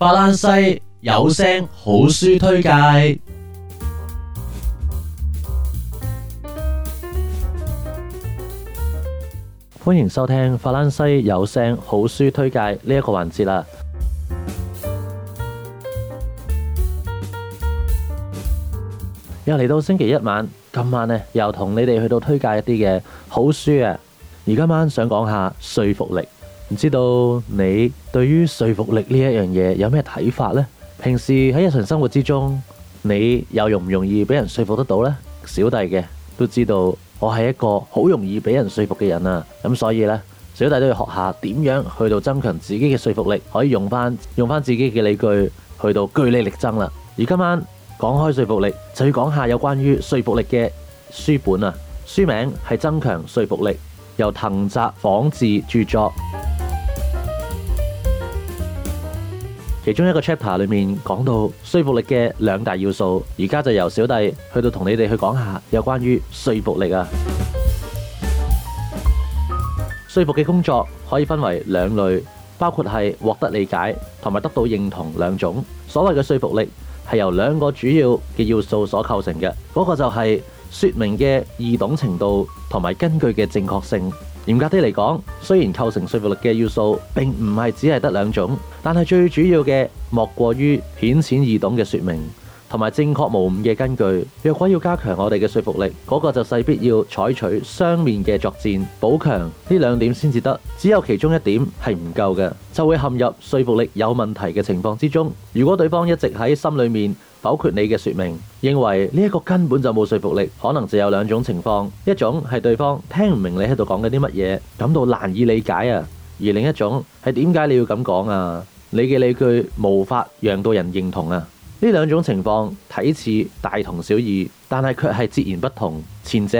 法蘭西有聲好書推介，歡迎收聽法蘭西有聲好書推介呢一個環節啦。又嚟到星期一晚，今晚呢又同你哋去到推介一啲嘅好書啊！而今晚想講下說服力。唔知道你對於說服力呢一樣嘢有咩睇法呢？平時喺日常生活之中，你又容唔容易俾人說服得到呢？小弟嘅都知道，我係一個好容易俾人說服嘅人啊。咁所以呢，小弟都要學下點樣去到增強自己嘅說服力，可以用翻用翻自己嘅理據去到據理力爭啦。而今晚講開說服力，就要講下有關於說服力嘅書本啊。書名係《增強說服力》，由藤澤晃治著作。其中一個 chapter 裏面講到說服力嘅兩大要素，而家就由小弟去到同你哋去講下有關於說服力啊。說服嘅工作可以分為兩類，包括係獲得理解同埋得到認同兩種。所謂嘅說服力係由兩個主要嘅要素所構成嘅，嗰個就係說明嘅易懂程度同埋根據嘅正確性。嚴格啲嚟講，雖然構成說服力嘅要素並唔係只係得兩種，但係最主要嘅莫過於顯淺易懂嘅說明同埋正確無誤嘅根據。若果要加強我哋嘅說服力，嗰個就勢必要採取雙面嘅作戰，補強呢兩點先至得。只有其中一點係唔夠嘅，就會陷入說服力有問題嘅情況之中。如果對方一直喺心裏面，否決你嘅說明，認為呢一個根本就冇說服力，可能就有兩種情況，一種係對方聽唔明你喺度講緊啲乜嘢，感到難以理解啊；而另一種係點解你要咁講啊？你嘅理據無法讓到人認同啊。呢兩種情況睇似大同小異，但係卻係截然不同。前者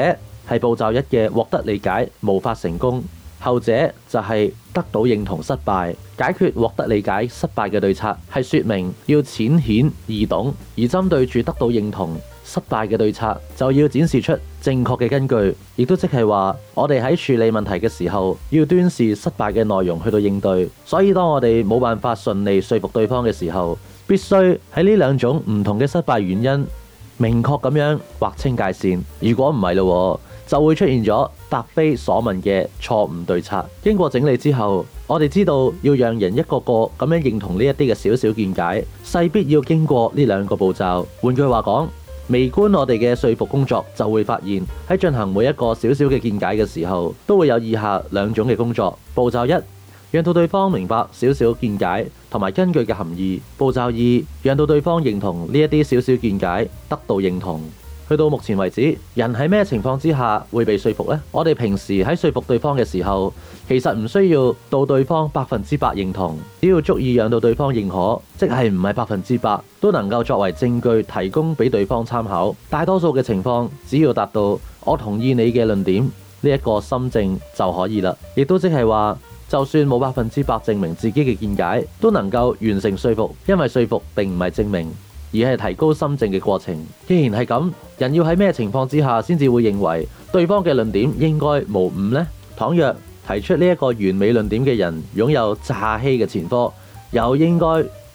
係步驟一嘅獲得理解，無法成功。後者就係得到認同失敗。解決獲得理解失敗嘅對策，係説明要淺顯易懂，而針對住得到認同失敗嘅對策，就要展示出正確嘅根據，亦都即係話我哋喺處理問題嘅時候，要端視失敗嘅內容去到應對。所以當我哋冇辦法順利說服對方嘅時候，必須喺呢兩種唔同嘅失敗原因，明確咁樣劃清界線。如果唔係咯，就會出現咗答非所問嘅錯誤對策。經過整理之後，我哋知道要讓人一個個咁樣認同呢一啲嘅小小見解，勢必要經過呢兩個步驟。換句話講，微觀我哋嘅說服工作，就會發現喺進行每一個小小嘅見解嘅時候，都會有以下兩種嘅工作。步驟一，讓到對方明白小小見解同埋根據嘅含義；步驟二，讓到對方認同呢一啲小小見解，得到認同。去到目前為止，人喺咩情況之下會被說服呢？我哋平時喺說服對方嘅時候，其實唔需要到對方百分之百認同，只要足以讓到對方認可，即係唔係百分之百，都能夠作為證據提供俾對方參考。大多數嘅情況，只要達到我同意你嘅論點呢一個心證就可以啦。亦都即係話，就算冇百分之百證明自己嘅見解，都能夠完成說服，因為說服並唔係證明。而係提高心證嘅過程。既然係咁，人要喺咩情況之下先至會認為對方嘅論點應該無誤呢？倘若提出呢一個完美論點嘅人擁有詐欺嘅前科，又應該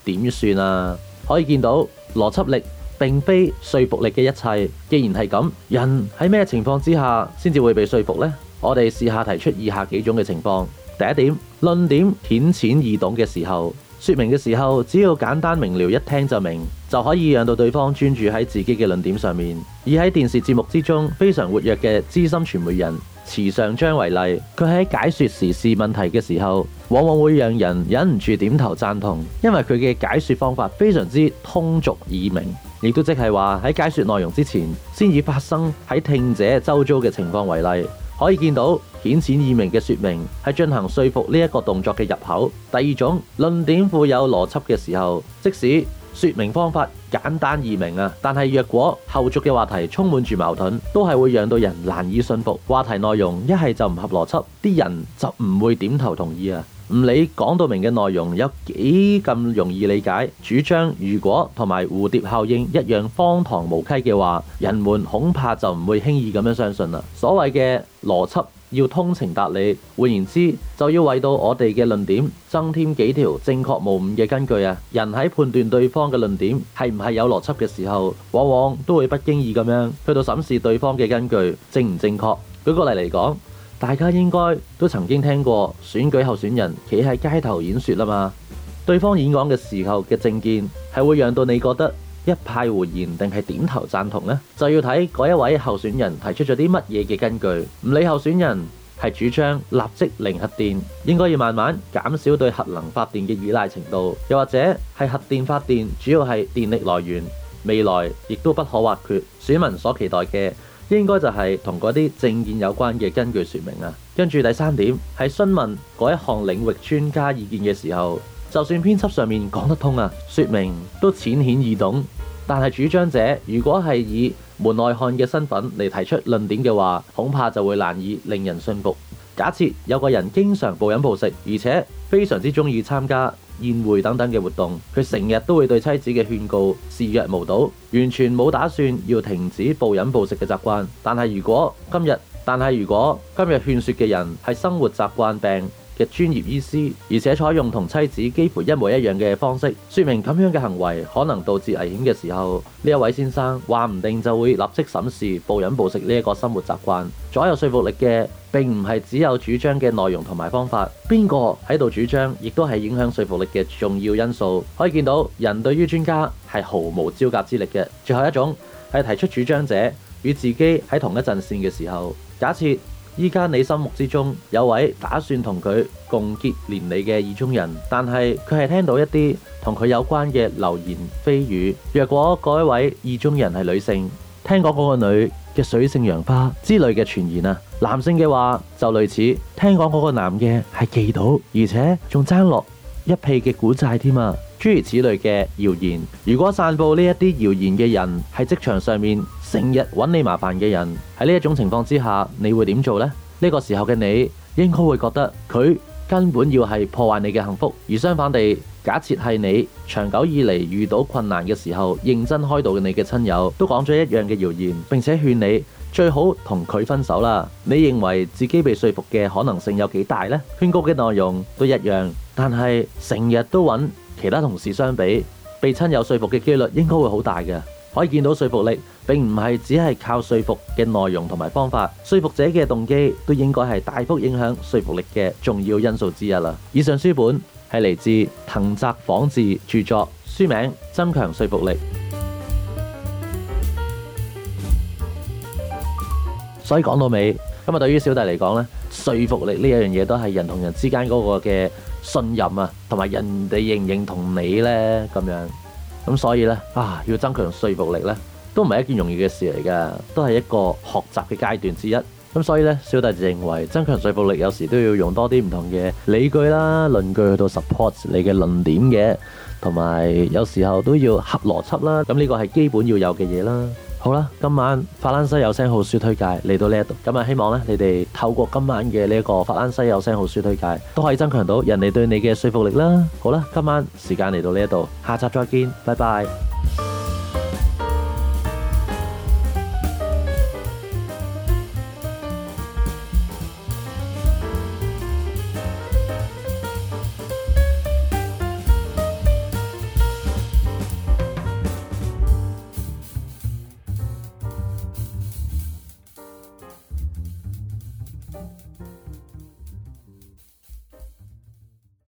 點算啊？可以見到邏輯力並非說服力嘅一切。既然係咁，人喺咩情況之下先至會被說服呢？我哋試下提出以下幾種嘅情況。第一點，論點顯淺易懂嘅時候。說明嘅時候，只要簡單明了，一聽就明，就可以讓到對方專注喺自己嘅論點上面。而喺電視節目之中，非常活躍嘅資深傳媒人池上彰為例，佢喺解說時事問題嘅時候，往往會讓人忍唔住點頭贊同，因為佢嘅解說方法非常之通俗易明，亦都即係話喺解說內容之前，先以發生喺聽者周遭嘅情況為例，可以見到。淺顯易明嘅說明係進行說服呢一個動作嘅入口。第二種，論點富有邏輯嘅時候，即使說明方法簡單易明啊，但係若果後續嘅話題充滿住矛盾，都係會讓到人難以信服。話題內容一係就唔合邏輯，啲人就唔會點頭同意啊。唔理講到明嘅內容有幾咁容易理解，主張如果同埋蝴蝶效應一樣荒唐無稽嘅話，人們恐怕就唔會輕易咁樣相信啦。所謂嘅邏輯，要通情達理，換言之，就要為到我哋嘅論點增添幾條正確無誤嘅根據啊！人喺判斷對方嘅論點係唔係有邏輯嘅時候，往往都會不經意咁樣去到審視對方嘅根據正唔正確。舉個例嚟講，大家應該都曾經聽過選舉候選人企喺街頭演說啦嘛，對方演講嘅時候嘅政見係會讓到你覺得，一派胡言定係點頭讚同呢？就要睇嗰一位候選人提出咗啲乜嘢嘅根據。唔理候選人係主張立即零核電，應該要慢慢減少對核能發電嘅依賴程度，又或者係核電發電主要係電力來源，未來亦都不可或缺。選民所期待嘅應該就係同嗰啲政見有關嘅根據說明啊。跟住第三點係詢問嗰一項領域專家意見嘅時候，就算編輯上面講得通啊，說明都淺顯易懂。但係主張者如果係以門外漢嘅身份嚟提出論點嘅話，恐怕就會難以令人信服。假設有個人經常暴飲暴食，而且非常之中意參加宴會等等嘅活動，佢成日都會對妻子嘅勸告視若無睹，完全冇打算要停止暴飲暴食嘅習慣。但係如果今日，但係如果今日勸說嘅人係生活習慣病嘅專業醫師，而且採用同妻子幾乎一模一樣嘅方式，説明咁樣嘅行為可能導致危險嘅時候，呢一位先生話唔定就會立即審視暴飲暴食呢一個生活習慣。左右說服力嘅並唔係只有主張嘅內容同埋方法，邊個喺度主張亦都係影響說服力嘅重要因素。可以見到人對於專家係毫無招架之力嘅。最後一種係提出主張者與自己喺同一陣線嘅時候，假設。依家，你心目之中有位打算同佢共結連理嘅意中人，但係佢係聽到一啲同佢有關嘅流言蜚語。若果嗰一位意中人係女性，聽講嗰個女嘅水性楊花之類嘅傳言啊；男性嘅話就類似聽講嗰個男嘅係嫉妒，而且仲爭落。一屁嘅古債添啊！諸如此類嘅謠言，如果散布呢一啲謠言嘅人喺職場上面成日揾你麻煩嘅人，喺呢一種情況之下，你會點做呢？呢個時候嘅你應該會覺得佢根本要係破壞你嘅幸福，而相反地，假設係你長久以嚟遇到困難嘅時候，認真開導你嘅親友都講咗一樣嘅謠言，並且勸你最好同佢分手啦。你認為自己被說服嘅可能性有幾大呢？勸告嘅內容都一樣。但係成日都揾其他同事相比，被親友說服嘅機率應該會好大嘅。可以見到說服力並唔係只係靠說服嘅內容同埋方法，說服者嘅動機都應該係大幅影響說服力嘅重要因素之一啦。以上書本係嚟自藤澤晃治著作，書名《增強說服力》。所以講到尾，咁啊，對於小弟嚟講呢，說服力呢一樣嘢都係人同人之間嗰、那個嘅。信任啊，同埋人哋認唔認同你呢？咁樣。咁所以呢，啊，要增強說服力呢，都唔係一件容易嘅事嚟噶，都係一個學習嘅階段之一。咁所以呢，小弟就認為增強說服力有時都要用多啲唔同嘅理據啦、論據去到 support 你嘅論點嘅，同埋有，有時候都要合邏輯啦。咁呢個係基本要有嘅嘢啦。好啦，今晚法蘭西有聲好書推介嚟到呢一度，咁啊希望咧你哋透過今晚嘅呢一個法蘭西有聲好書推介，都可以增強到人哋對你嘅說服力啦。好啦，今晚時間嚟到呢一度，下集再見，拜拜。